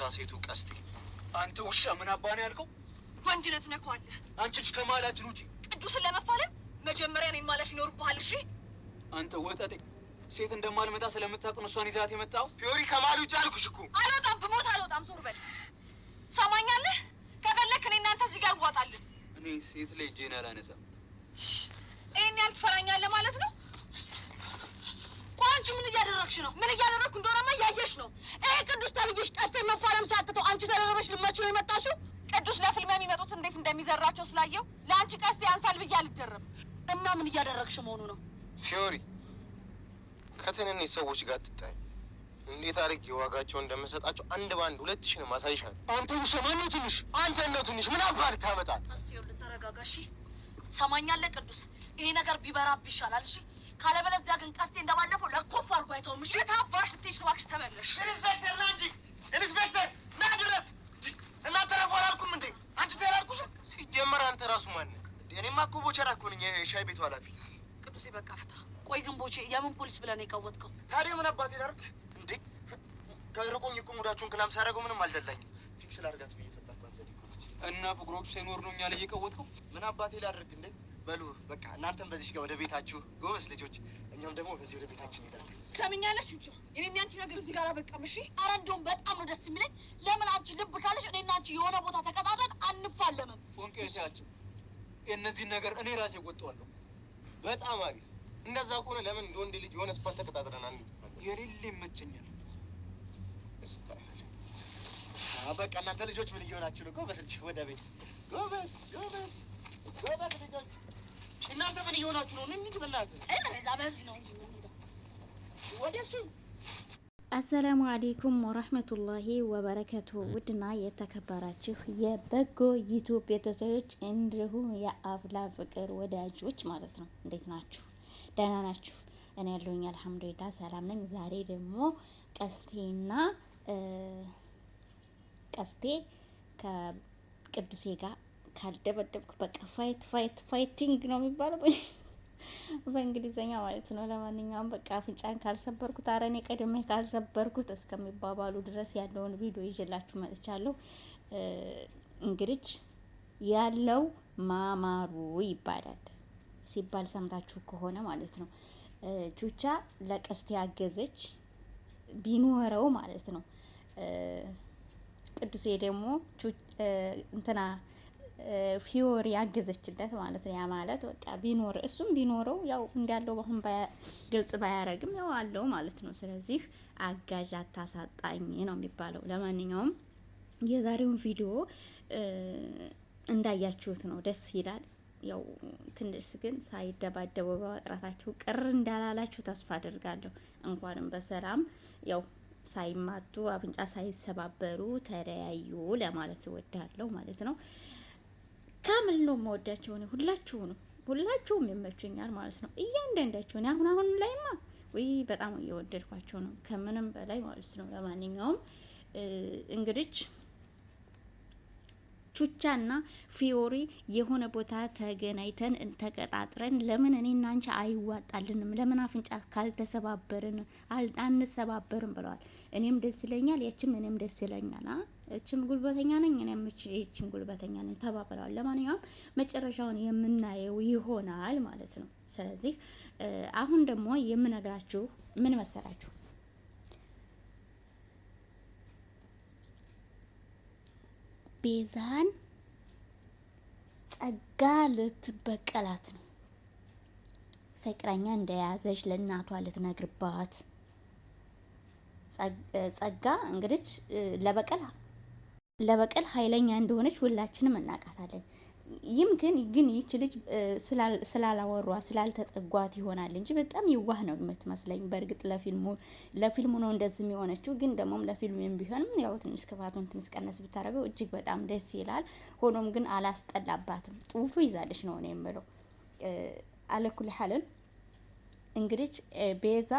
ጌታ ሴቱ ቀስቴ። አንተ ውሻ ምን አባ ነው ያልከው? ወንድነት ነኳለ። አንቺ ልጅ ከመሀላችን ውጪ። ቅዱስን ለመፋለም መጀመሪያ እኔን ማለፍ ይኖርብሃል። እሺ አንተ ወጠጤ ሴት እንደማልመጣ ስለምታውቅ ነው እሷን ይዛት የመጣው። ፊዮሪ ከማል ውጭ አልኩሽ እኮ። አልወጣም፣ ብሞት አልወጣም። ዞር በል። ሰማኛለህ? ከፈለክ እኔ እናንተ እዚህ ጋር እዋጣለን እኔ ሴት ላይ እጄን አላነሳም። ይህን ያህል ትፈራኛለህ ማለት ነው? ቆይ ምን እያደ እያደረግሽ ነው? ምን እያደረግኩ እንደሆነማ እያየሽ ነው። ይሄ ቅዱስ ተብዬሽ ቀስቴ መፋለም ሲያቅተው አንቺ ተደረበሽ ልመችው ነው የመጣሽው። ቅዱስ ለፍልሚያ የሚመጡት እንዴት እንደሚዘራቸው ስላየው ለአንቺ ቀስቴ ያንሳል ብዬ አልደረም እና ምን እያደረግሽ መሆኑ ነው? ፊዮሪ ከትንንሽ ሰዎች ጋር ትጣይ እንዴት አድርጌ ዋጋቸው እንደምሰጣቸው አንድ በአንድ ሁለት ሺህ ነው ማሳይሻል። አንተ ውሻ ማነው ትንሽ? አንተ ነው ትንሽ። ምን አባል ታመጣል? እስቲ ተረጋጋ። ሰማኛለ ቅዱስ፣ ይሄ ነገር ቢበራብ ይሻላል። እሺ ካለበለዚያ ግን ቀስቴ እንደባለፈው ለኮፍ አድርጎ አይተውም። እሺ የታባሽ ልትሄጂ እባክሽ ተመለሽ። ኢንስፔክተር ና እንጂ ኢንስፔክተር ና ድረስ። እናንተ ረፉ አላልኩም እንዴ? አንቺ ተይ አላልኩሽም? ሲጀመር አንተ ራሱ ማን? እኔማ እኮ ቦቸራ እኮ ነኝ፣ የሻይ ቤቱ ኃላፊ ቅዱሴ። በቃ ፍታ። ቆይ ግን ቦቼ የምን ፖሊስ ብለን የቀወጥከው? ታዲያ ምን አባቴ ላድርግ እንዴ? ከርቆኝ እኮ ሙዳችሁን ክላም ሳደርገው ምንም አልደላኝም። ፊክስ ላድርጋት ብዬ ፈጣት እና ፍቅሮቹ ሳይኖር ነው እኛ ላይ የቀወጥከው። ምን አባቴ ላድርግ እንዴ? በሉ በቃ እናንተም በዚህ ጋር ወደ ቤታችሁ ጎበዝ ልጆች፣ እኛም ደግሞ በዚህ ወደ ቤታችን እንሄዳለን። ሰምኛለሽ ቹቹ፣ እኔ ያንቺ ነገር እዚህ ጋር በቃም። እሺ፣ ኧረ እንደውም በጣም ነው ደስ የሚለኝ። ለምን አንቺ ልብ ካለሽ እኔ እና አንቺ የሆነ ቦታ ተቀጣጠን አንፋለምም። ፎንቄ ሲያችሁ እነዚህን ነገር እኔ ራሴ ወጣዋለሁ። በጣም አሪፍ። እንደዛ ከሆነ ለምን እንደ ወንድ ልጅ የሆነ ስፖርት ተቀጣጥረን አን የሌለ ይመቸኛል። በቃ እናንተ ልጆች ምን እየሆናችሁ ነው? ጎበዝ ልጅ ወደ ቤት ጎበዝ፣ ጎበዝ፣ ጎበዝ ልጆች እናንተ ምን እየሆናችሁ ነው? እንሂድ በእናትህ ነው ወደሱ አሰላሙ አሌይኩም ወረህመቱላሂ ወበረከቱ። ውድና የተከበራችሁ የበጎ ዩቱብ ቤተሰቦች እንዲሁም የአፍላ ፍቅር ወዳጆች ማለት ነው፣ እንዴት ናችሁ? ደህና ናችሁ? እኔ ያለሁኝ አልሐምዱሊላህ ሰላም ነኝ። ዛሬ ደግሞ ቀስቴና ቀስቴ ከቅዱሴ ጋር ካልደበደብኩ በቃ ፋይት ፋይት ፋይቲንግ ነው የሚባለው በእንግሊዝኛ ማለት ነው። ለማንኛውም በቃ አፍንጫን ካልሰበርኩት አረኔ እኔ ቀድሜ ካልሰበርኩት እስከሚባባሉ ድረስ ያለውን ቪዲዮ ይዤላችሁ መጥቻለሁ። እንግዲህ ያለው ማማሩ ይባላል ሲባል ሰምታችሁ ከሆነ ማለት ነው። ቹቻ ለቀስት ያገዘች ቢኖረው ማለት ነው። ቅዱሴ ደግሞ እንትና ፊዮሪ ያገዘችለት ማለት ነው። ያ ማለት በቃ ቢኖር እሱም ቢኖረው ያው እንዳለው አሁን ግልጽ ባያረግም ያው አለው ማለት ነው። ስለዚህ አጋዥ አታሳጣኝ ነው የሚባለው። ለማንኛውም የዛሬውን ቪዲዮ እንዳያችሁት ነው፣ ደስ ይላል። ያው ትንሽ ግን ሳይደባደቡ በመቅረታቸው ቅር እንዳላላችሁ ተስፋ አድርጋለሁ። እንኳንም በሰላም ያው ሳይማቱ አፍንጫ ሳይሰባበሩ ተለያዩ ለማለት እወዳለሁ ማለት ነው። ከምን ነው መወዳቸው ነው ሁላችሁም ይመቹኛል ማለት ነው። እያንዳንዳቸው አሁን አሁን ላይማ ወይ በጣም እየወደድኳቸው ነው ከምንም በላይ ማለት ነው። ለማንኛውም እንግዲህ ቹቻና ፊዮሪ የሆነ ቦታ ተገናኝተን ተቀጣጥረን ለምን እኔና አንቺ አይዋጣልንም? ለምን አፍንጫ ካልተሰባበርን አንሰባበርም ብለዋል። እኔም ደስ ይለኛል፣ ያችም እኔም ደስ ይለኛል። እችም ጉልበተኛ ነኝ እኔም ይችም ጉልበተኛ ነኝ ተባብረዋል። ለማንኛውም መጨረሻውን የምናየው ይሆናል ማለት ነው። ስለዚህ አሁን ደግሞ የምነግራችሁ ምን መሰላችሁ ቤዛን ጸጋ ልትበቀላት ነው። ፍቅረኛ እንደያዘች ለእናቷ ልትነግርባት ጸጋ እንግዲህ ለበቀላ ለበቀል ኃይለኛ እንደሆነች ሁላችንም እናውቃታለን። ይህም ግን ግን ይች ልጅ ስላላወሯ ስላልተጠጓት ይሆናል እንጂ በጣም የዋህ ነው የምትመስለኝ። በእርግጥ ለፊልሙ ለፊልሙ ነው እንደዚህ የሆነችው። ግን ደግሞም ለፊልም ቢሆንም ያው ትንሽ ክፋቱን ትንሽ ቀነስ ብታደርገው እጅግ በጣም ደስ ይላል። ሆኖም ግን አላስጠላባትም። ጽሁፉ ይዛለች ነው ነው የምለው። አለኩል ሀልል እንግዲህ ቤዛ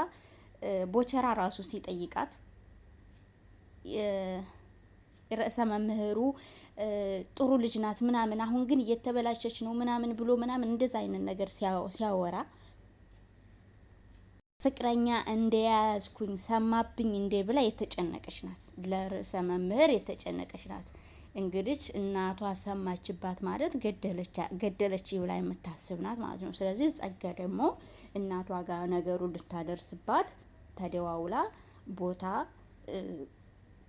ቦቸራ ራሱ ሲጠይቃት ርዕሰ መምህሩ ጥሩ ልጅ ናት ምናምን፣ አሁን ግን እየተበላሸች ነው ምናምን ብሎ ምናምን እንደዚ አይነት ነገር ሲያወራ ፍቅረኛ እንደያዝኩኝ ሰማብኝ እንዴ ብላ የተጨነቀች ናት። ለርዕሰ መምህር የተጨነቀች ናት። እንግዲህ እናቷ ሰማችባት ማለት ገደለች ብላ የምታስብ ናት ማለት ነው። ስለዚህ ጸጋ ደግሞ እናቷ ጋር ነገሩ ልታደርስባት ተደዋውላ ቦታ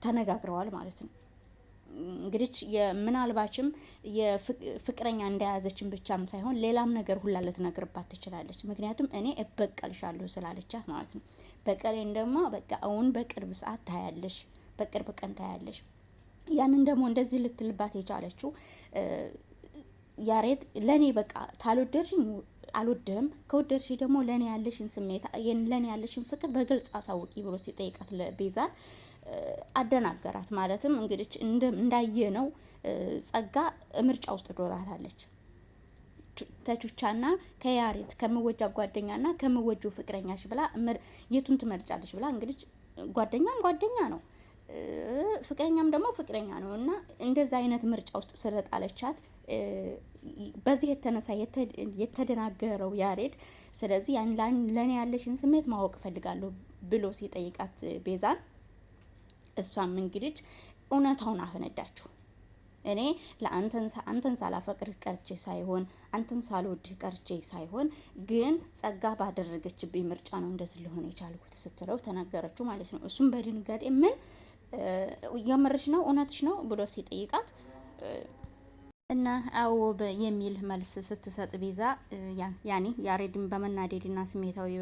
ተነጋግረዋል ማለት ነው። እንግዲህ ምናልባችም የፍቅረኛ እንደያዘችን ብቻም ሳይሆን ሌላም ነገር ሁላ ልትነግርባት ትችላለች። ምክንያቱም እኔ እበቀልሻለሁ ስላለቻት ማለት ነው። በቀሌን ደግሞ በቃ አሁን በቅርብ ሰዓት ታያለሽ፣ በቅርብ ቀን ታያለሽ። ያንን ደግሞ እንደዚህ ልትልባት የቻለችው ያሬት ለእኔ በቃ ታልወደድሽኝ አልወድህም ከወደድሽ ደግሞ ለእኔ ያለሽን ስሜት ለእኔ ያለሽን ፍቅር በግልጽ አሳውቂ ብሎ ሲጠይቃት ቤዛን አደናገራት። ማለትም እንግዲህ እንዳየ ነው ጸጋ ምርጫ ውስጥ ዶራታለች። ተቹቻና ከያሬት ከምወጃ ጓደኛና ከምወጁ ፍቅረኛሽ ብላ የቱን ትመርጫለች ብላ እንግዲህ ጓደኛም ጓደኛ ነው ፍቅረኛም ደግሞ ፍቅረኛ ነው እና እንደዛ አይነት ምርጫ ውስጥ ስለጣለቻት በዚህ የተነሳ የተደናገረው ያሬድ ስለዚህ ለእኔ ያለሽን ስሜት ማወቅ እፈልጋለሁ ብሎ ሲጠይቃት ቤዛን እሷም እንግዲህ እውነታውን አፈነዳችሁ። እኔ ለአንተን ሳላፈቅርህ ቀርቼ ሳይሆን አንተን ሳልወድህ ቀርቼ ሳይሆን ግን ጸጋ ባደረገችብኝ ምርጫ ነው እንደዚህ ሊሆን የቻልኩት ስትለው ተናገረችው ማለት ነው። እሱም በድንጋጤ ምን የምርሽ ነው እውነትሽ ነው ብሎ ሲጠይቃት እና አዎ የሚል መልስ ስትሰጥ ቤዛ ያኔ ያሬድን በመናደድና ስሜታዊ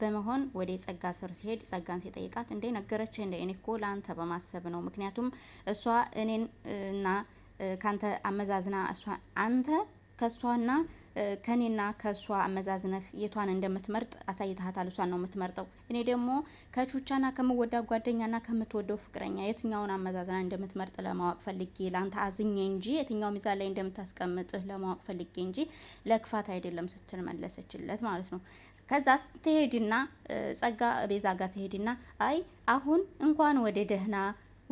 በመሆን ወደ ጸጋ ስር ሲሄድ ጸጋን ሲጠይቃት እንዴ ነገረች እንደ እኔ እኮ ለአንተ በማሰብ ነው። ምክንያቱም እሷ እኔን እና ከአንተ አመዛዝና እሷ አንተ ከእሷና ከኔና ከእሷ አመዛዝነህ የቷን እንደምትመርጥ አሳይተሃታል። እሷን ነው የምትመርጠው። እኔ ደግሞ ከቹቻና ከምወዳ ጓደኛና ከምትወደው ፍቅረኛ የትኛውን አመዛዝና እንደምትመርጥ ለማወቅ ፈልጌ ለአንተ አዝኜ እንጂ የትኛው ሚዛን ላይ እንደምታስቀምጥህ ለማወቅ ፈልጌ እንጂ ለክፋት አይደለም ስትል መለሰችለት ማለት ነው። ከዛ ትሄድና ጸጋ ቤዛ ጋር ትሄድና አይ አሁን እንኳን ወደ ደህና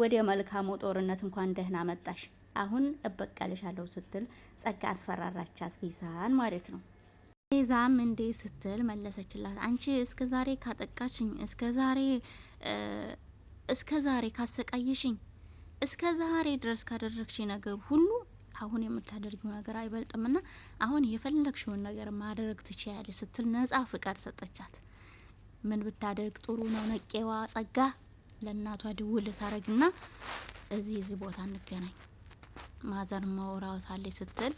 ወደ መልካሙ ጦርነት እንኳን ደህና መጣሽ አሁን እበቀልሻለሁ ስትል ጸጋ አስፈራራቻት ቤዛን ማለት ነው። ቤዛም እንዴ ስትል መለሰችላት። አንቺ እስከ ዛሬ ካጠቃችኝ፣ እስከ ዛሬ እስከ ዛሬ ካሰቃየሽኝ፣ እስከ ዛሬ ድረስ ካደረግሽ ነገር ሁሉ አሁን የምታደርጊው ነገር አይበልጥምና አሁን የፈለግሽውን ነገር ማድረግ ትችያለሽ ስትል ነጻ ፍቃድ ሰጠቻት። ምን ብታደርግ ጥሩ ነው? ነቄዋ ጸጋ ለእናቷ ድውል ታረግና እዚህ እዚህ ቦታ እንገናኝ ማዘር መውራውታለች ስትል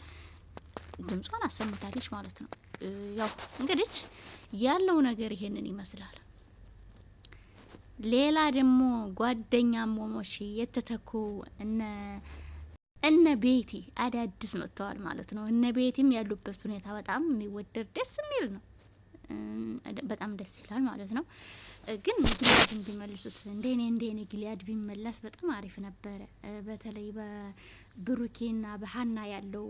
ድምጿን አሰምታለች ማለት ነው። ያው እንግዲህ ያለው ነገር ይሄንን ይመስላል። ሌላ ደግሞ ጓደኛ ሞሞሽ የተተኩ እነ እነ ቤቲ አዳዲስ መጥተዋል ማለት ነው። እነ ቤቲም ያሉበት ሁኔታ በጣም የሚወደድ ደስ የሚል ነው። በጣም ደስ ይላል ማለት ነው። ግን ጊሊያድን እንዲመልሱት እንደኔ እንደኔ ጊሊያድ ቢመለስ በጣም አሪፍ ነበረ። በተለይ በብሩኬና በሀና ያለው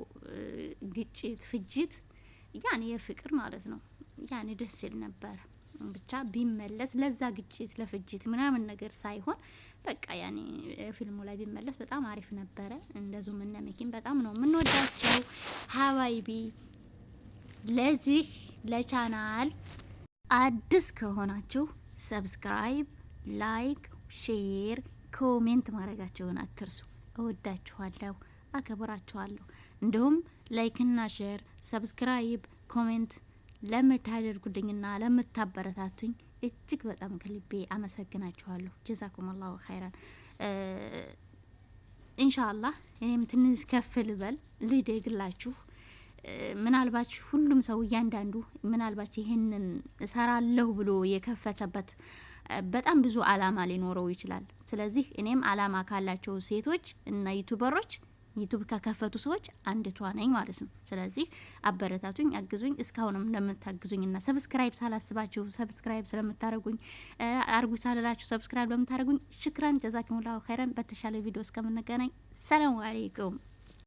ግጭት ፍጅት፣ ያኔ የፍቅር ማለት ነው ያኔ ደስ ይል ነበረ። ብቻ ቢመለስ ለዛ ግጭት ለፍጅት ምናምን ነገር ሳይሆን በቃ ያኔ ፊልሙ ላይ ቢመለስ በጣም አሪፍ ነበረ። እንደዚሁም እነ ሚኪን በጣም ነው የምንወዳቸው ሀባይቢ ለዚህ ለቻናል አዲስ ከሆናችሁ ሰብስክራይብ፣ ላይክ፣ ሼር፣ ኮሜንት ማድረጋችሁን አትርሱ። እወዳችኋለሁ፣ አከብራችኋለሁ። እንዲሁም ላይክና ሼር፣ ሰብስክራይብ፣ ኮሜንት ለምታደርጉልኝና ለምታበረታቱኝ እጅግ በጣም ከልቤ አመሰግናችኋለሁ። ጀዛኩም አላሁ ኸይራን። ኢንሻአላህ እኔም ትንሽ ከፍ ልበል ልደግላችሁ ምናልባች ሁሉም ሰው እያንዳንዱ ምናልባች ይህንን እሰራለሁ ብሎ የከፈተበት በጣም ብዙ አላማ ሊኖረው ይችላል። ስለዚህ እኔም አላማ ካላቸው ሴቶች እና ዩቱበሮች ዩቱብ ከከፈቱ ሰዎች አንድቷ ነኝ ማለት ነው። ስለዚህ አበረታቱኝ፣ አግዙኝ። እስካሁንም እንደምታግዙኝ እና ሰብስክራይብ ሳላስባችሁ ሰብስክራይብ ስለምታደረጉኝ አርጉ ሳልላችሁ ሰብስክራይብ ለምታደረጉኝ ሽክረን ጀዛኪሙላሁ ኸይረን። በተሻለ ቪዲዮ እስከምንገናኝ ሰላሙ አሌይኩም።